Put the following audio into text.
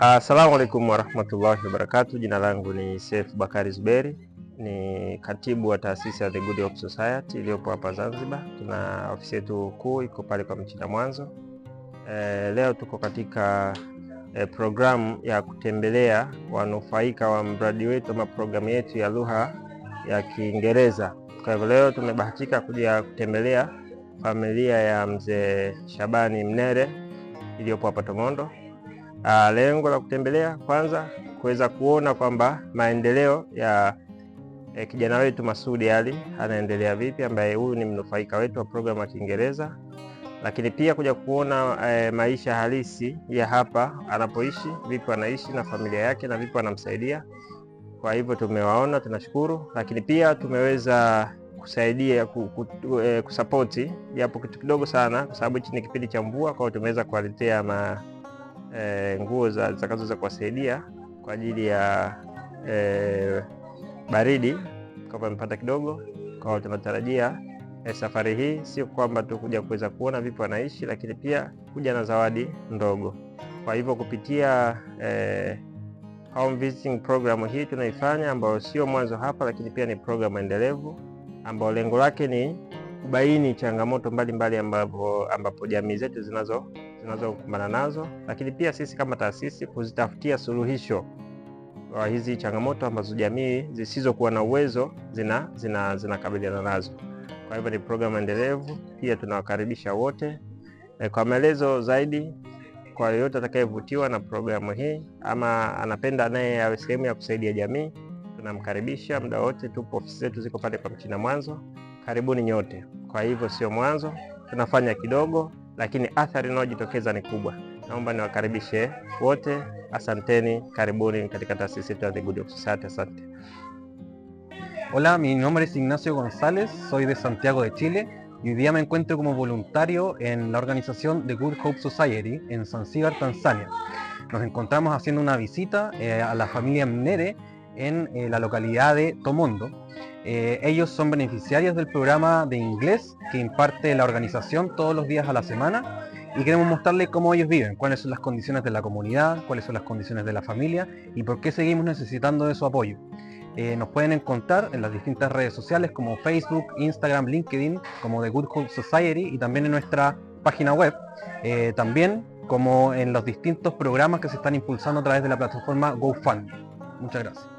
Assalamu alaikum warahmatullahi wabarakatuh. Jina langu ni Seif Bakari Zuberi, ni katibu wa taasisi ya The Good Hope Society iliyopo hapa Zanzibar. Tuna ofisi yetu kuu iko pale kwa Mchinda Mwanzo. E, leo tuko katika e, programu ya kutembelea wanufaika wa mradi wetu ama programu yetu ya lugha ya Kiingereza. Kwa hivyo leo tumebahatika kuja kutembelea familia ya mzee Shabani Mnere iliyopo hapa Tomondo. Uh, lengo la kutembelea kwanza kuweza kuona kwamba maendeleo ya eh, kijana wetu Masudi Ali anaendelea vipi, ambaye huyu ni mnufaika wetu wa programu ya Kiingereza, lakini pia kuja kuona eh, maisha halisi ya hapa anapoishi, vipi anaishi na familia yake na vipi anamsaidia. Kwa hivyo tumewaona, tunashukuru, lakini pia tumeweza kusaidia eh, kusapoti japo kitu kidogo sana, kwa sababu hichi ni kipindi cha mvua, kwa hiyo tumeweza kuwaletea ma e, nguo zitakazoweza kuwasaidia kwa ajili ya e, baridi kama amepata kidogo. Kwa tunatarajia e, eh, safari hii sio kwamba tu kuja kuweza kuona vipi wanaishi, lakini pia kuja na zawadi ndogo. Kwa hivyo kupitia e, home visiting program hii tunaifanya, ambayo sio mwanzo hapa, lakini pia ni programu endelevu ambayo lengo lake ni kubaini changamoto mbalimbali ambapo ambapo jamii zetu zinazo zinazokumbana nazo, lakini pia sisi kama taasisi kuzitafutia suluhisho wa hizi changamoto ambazo jamii zisizokuwa na uwezo zinakabiliana zina, zina nazo. Kwa hivyo ni programu endelevu, pia tunawakaribisha wote. E, kwa maelezo zaidi kwa yoyote atakayevutiwa na programu hii ama anapenda naye awe sehemu ya kusaidia jamii, tunamkaribisha muda wote. Tupo ofisi zetu ziko pale kwa mchina mwanzo. Karibuni nyote. Kwa hivyo sio mwanzo, tunafanya kidogo lakini athari ni kubwa. Good Hope Society. Hola, mi nombre es Ignacio González, soy de Santiago de Chile y hoy día me encuentro como voluntario en la organización The Good Hope Society en Zanzíbar, Tanzania. Nos encontramos haciendo una visita eh, a la familia Mnere en eh, la localidad de Tomondo. Eh, ellos son beneficiarios del programa de inglés que imparte la organización todos los días a la semana y queremos mostrarles cómo ellos viven, cuáles son las condiciones de la comunidad, cuáles son las condiciones de la familia y por qué seguimos necesitando de su apoyo. Eh, nos pueden encontrar en las distintas redes sociales como Facebook, Instagram, LinkedIn, como The Good Hope Society y también en nuestra página web. también como en los distintos programas que se están impulsando a través de la plataforma GoFundMe Muchas gracias.